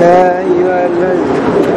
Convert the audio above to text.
哎，一个。